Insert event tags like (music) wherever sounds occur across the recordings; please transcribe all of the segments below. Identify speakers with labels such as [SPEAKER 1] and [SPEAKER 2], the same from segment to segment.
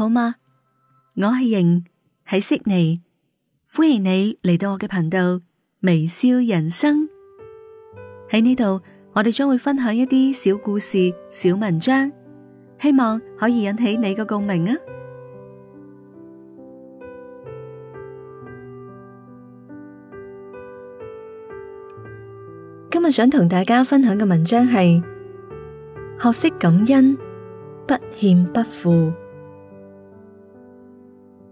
[SPEAKER 1] 好嗎？我係瑩，喺悉尼，歡迎你嚟到我嘅頻道微笑人生。喺呢度，我哋將會分享一啲小故事、小文章，希望可以引起你嘅共鳴啊！ (music) 今日想同大家分享嘅文章係學識感恩，不欠不負。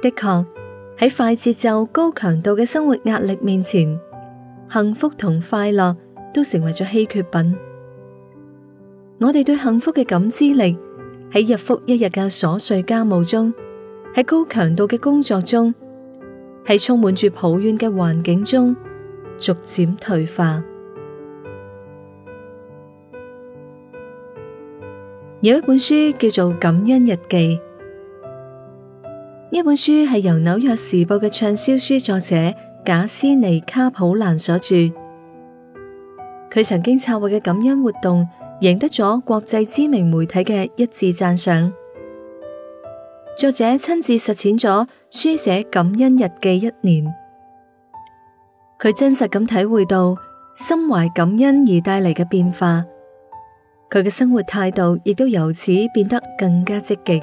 [SPEAKER 1] 的確，喺快節奏、高強度嘅生活壓力面前，幸福同快樂都成為咗稀缺品。我哋對幸福嘅感知力，喺日復一日嘅瑣碎家務中，喺高強度嘅工作中，喺充滿住抱怨嘅環境中，逐漸退化。有一本書叫做《感恩日記》。呢本書係由紐約時報嘅暢銷書作者賈斯尼·卡普蘭所著，佢曾經策劃嘅感恩活動贏得咗國際知名媒體嘅一致讚賞。作者親自實踐咗《書寫感恩日記》一年，佢真實咁體會到心懷感恩而帶嚟嘅變化，佢嘅生活態度亦都由此變得更加積極。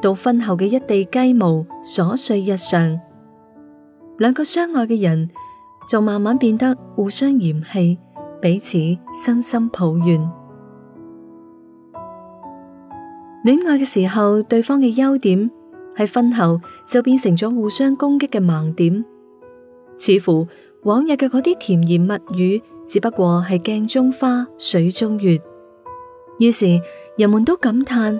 [SPEAKER 1] 到婚後嘅一地雞毛，瑣碎日常，兩個相愛嘅人就慢慢變得互相嫌棄，彼此深深抱怨。戀愛嘅時候，對方嘅優點，喺婚後就變成咗互相攻擊嘅盲點。似乎往日嘅嗰啲甜言蜜語，只不過係鏡中花，水中月。於是，人們都感嘆。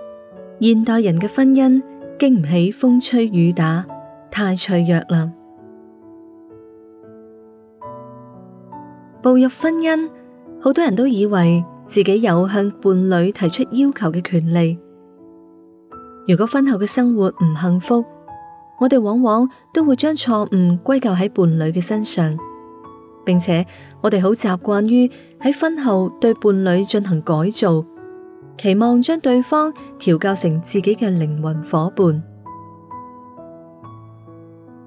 [SPEAKER 1] 現代人嘅婚姻，經唔起風吹雨打，太脆弱啦。步入婚姻，好多人都以為自己有向伴侶提出要求嘅權利。如果婚後嘅生活唔幸福，我哋往往都會將錯誤歸咎喺伴侶嘅身上，並且我哋好習慣於喺婚後對伴侶進行改造。期望將對方調教成自己嘅靈魂伙伴。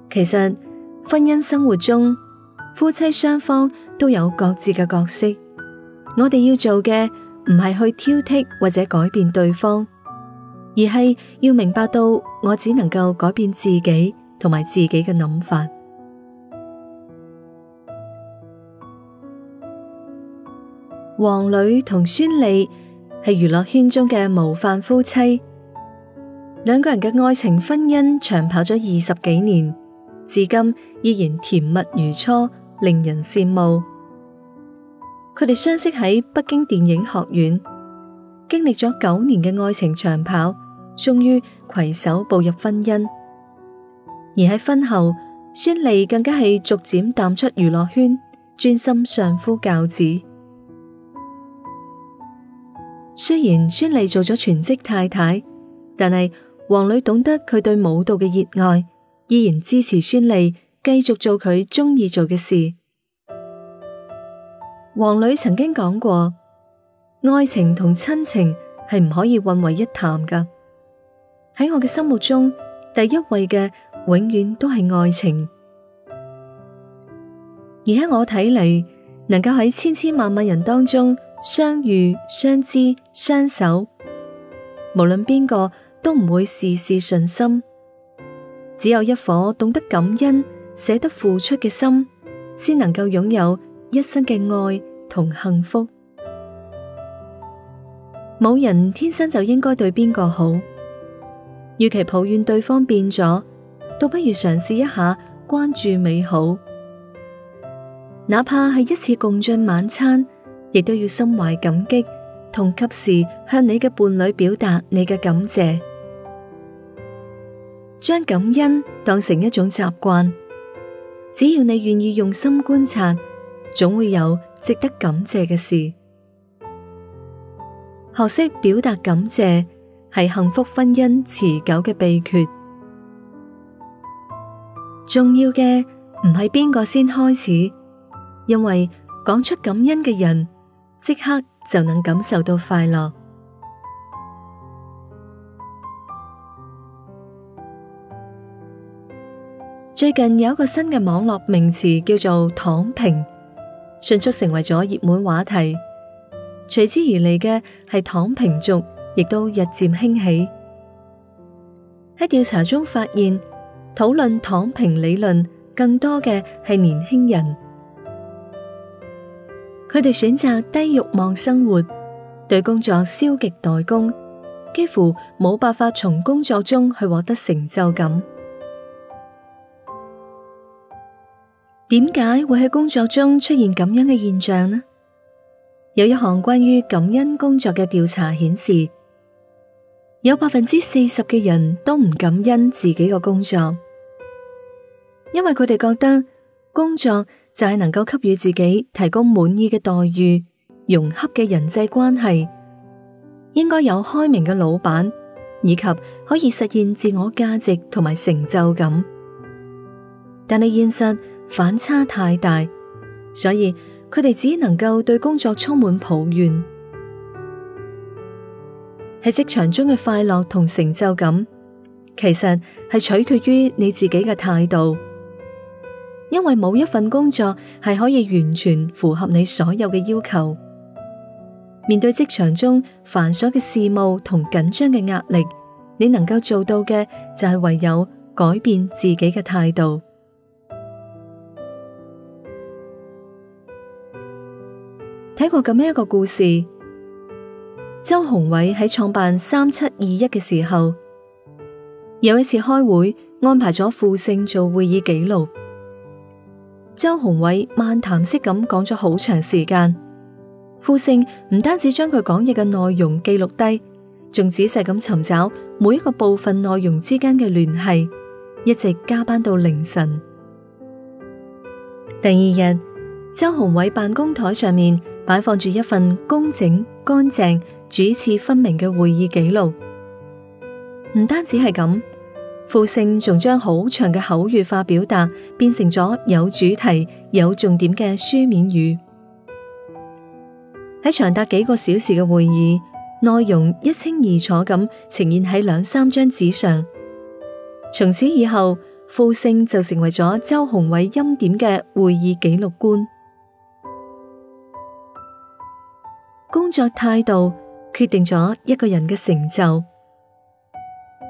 [SPEAKER 1] 其實婚姻生活中，夫妻雙方都有各自嘅角色。我哋要做嘅唔係去挑剔或者改變對方，而係要明白到我只能夠改變自己同埋自己嘅諗法。王磊同孫麗。係娛樂圈中嘅模範夫妻，兩個人嘅愛情婚姻長跑咗二十幾年，至今依然甜蜜如初，令人羨慕。佢哋相識喺北京電影學院，經歷咗九年嘅愛情長跑，終於攜手步入婚姻。而喺婚後，孫莉更加係逐漸淡出娛樂圈，專心相夫教子。雖然孫莉做咗全職太太，但係黃磊懂得佢對舞蹈嘅熱愛，依然支持孫莉繼續做佢中意做嘅事。黃磊曾經講過：愛情同親情係唔可以混為一談㗎。喺我嘅心目中，第一位嘅永遠都係愛情。而喺我睇嚟，能夠喺千千萬萬人當中，相遇、相知、相守，無論邊個都唔會事事順心。只有一顆懂得感恩、捨得付出嘅心，先能夠擁有一生嘅愛同幸福。冇人天生就應該對邊個好，與其抱怨對方變咗，倒不如嘗試一下關注美好，哪怕係一次共進晚餐。亦都要心懷感激，同及時向你嘅伴侶表達你嘅感謝，將感恩當成一種習慣。只要你願意用心觀察，總會有值得感謝嘅事。學識表達感謝，係幸福婚姻持久嘅秘訣。重要嘅唔係邊個先開始，因為講出感恩嘅人。即刻就能感受到快樂。最近有一個新嘅網絡名詞叫做躺平，迅速成為咗熱門話題。隨之而嚟嘅係躺平族，亦都日漸興起。喺調查中發現，討論躺平理論更多嘅係年輕人。佢哋選擇低欲望生活，對工作消極怠工，幾乎冇辦法從工作中去獲得成就感。點解會喺工作中出現咁樣嘅現象呢？有一項關於感恩工作嘅調查顯示，有百分之四十嘅人都唔感恩自己個工作，因為佢哋覺得工作，就係能夠給予自己提供滿意嘅待遇、融洽嘅人際關係，應該有開明嘅老闆，以及可以實現自我價值同埋成就感。但係現實反差太大，所以佢哋只能夠對工作充滿抱怨。喺職場中嘅快樂同成就感，其實係取決於你自己嘅態度。因為冇一份工作係可以完全符合你所有嘅要求。面對職場中繁瑣嘅事務同緊張嘅壓力，你能夠做到嘅就係唯有改變自己嘅態度。睇過咁樣一個故事，周鴻禕喺創辦三七二一嘅時候，有一次開會安排咗傅盛做會議記錄。周鴻偉慢談式咁講咗好長時間，傅盛唔單止將佢講嘢嘅內容記錄低，仲仔細咁尋找每一個部分內容之間嘅聯繫，一直加班到凌晨。第二日，周鴻偉辦公台上面擺放住一份工整乾淨、主次分明嘅會議記錄，唔單止係咁。傅盛仲將好長嘅口語化表達變成咗有主題、有重點嘅書面語，喺長達幾個小時嘅會議，內容一清二楚咁呈現喺兩三張紙上。從此以後，傅盛就成為咗周鴻禕欽點嘅會議記錄官。工作態度決定咗一個人嘅成就。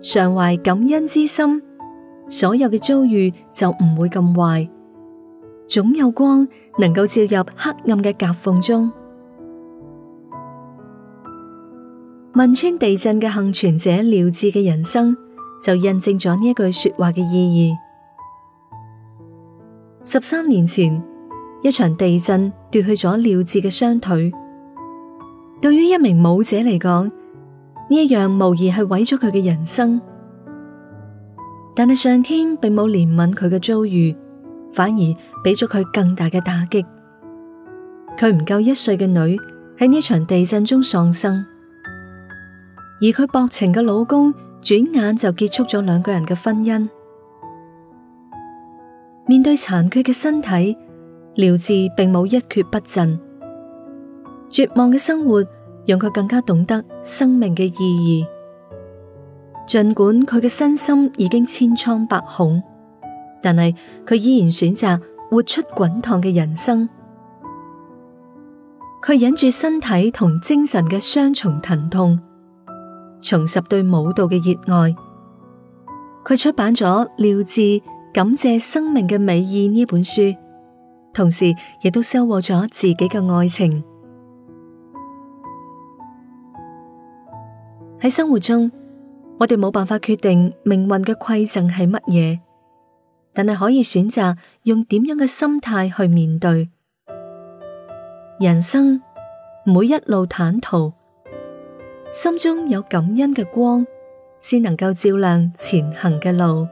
[SPEAKER 1] 常懷感恩之心，所有嘅遭遇就唔會咁壞，總有光能夠照入黑暗嘅夾縫中。汶川地震嘅幸存者廖智嘅人生就印證咗呢一句說話嘅意義。十三年前，一場地震奪去咗廖智嘅雙腿，對於一名舞者嚟講。呢一樣無疑係毀咗佢嘅人生，但係上天並冇憐憫佢嘅遭遇，反而俾咗佢更大嘅打擊。佢唔夠一歲嘅女喺呢場地震中喪生，而佢薄情嘅老公轉眼就結束咗兩個人嘅婚姻。面對殘缺嘅身體，廖智並冇一蹶不振，絕望嘅生活。讓佢更加懂得生命嘅意義。盡管佢嘅身心已經千瘡百孔，但係佢依然選擇活出滾燙嘅人生。佢忍住身體同精神嘅雙重疼痛，重拾對舞蹈嘅熱愛。佢出版咗《廖智感謝生命嘅美意》呢一本書，同時亦都收穫咗自己嘅愛情。喺生活中，我哋冇辦法決定命運嘅饋贈係乜嘢，但係可以選擇用點樣嘅心態去面對。人生唔會一路坦途，心中有感恩嘅光，先能夠照亮前行嘅路。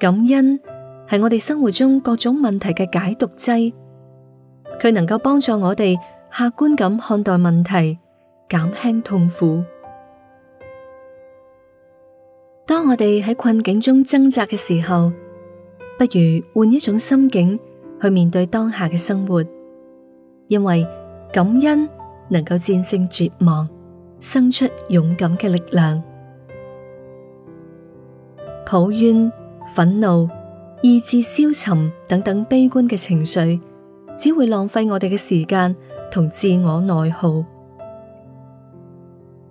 [SPEAKER 1] 感恩係我哋生活中各種問題嘅解毒劑，佢能夠幫助我哋客觀咁看待問題。減輕痛苦。當我哋喺困境中掙扎嘅時候，不如換一種心境去面對當下嘅生活，因為感恩能夠戰勝絕望，生出勇敢嘅力量。抱怨、憤怒、意志消沉等等悲觀嘅情緒，只會浪費我哋嘅時間同自我內耗。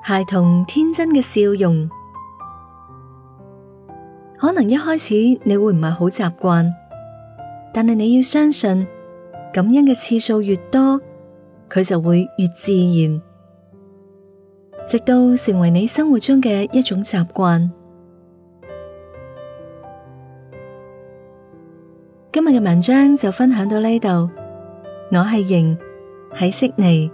[SPEAKER 1] 孩童天真嘅笑容，可能一開始你會唔係好習慣，但係你要相信，感恩嘅次數越多，佢就會越自然，直到成為你生活中嘅一種習慣。今日嘅文章就分享到呢度，我係瑩，喺悉尼，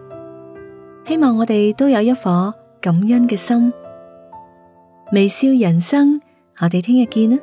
[SPEAKER 1] 希望我哋都有一顆。感恩嘅心，微笑人生，我哋聽日見啦。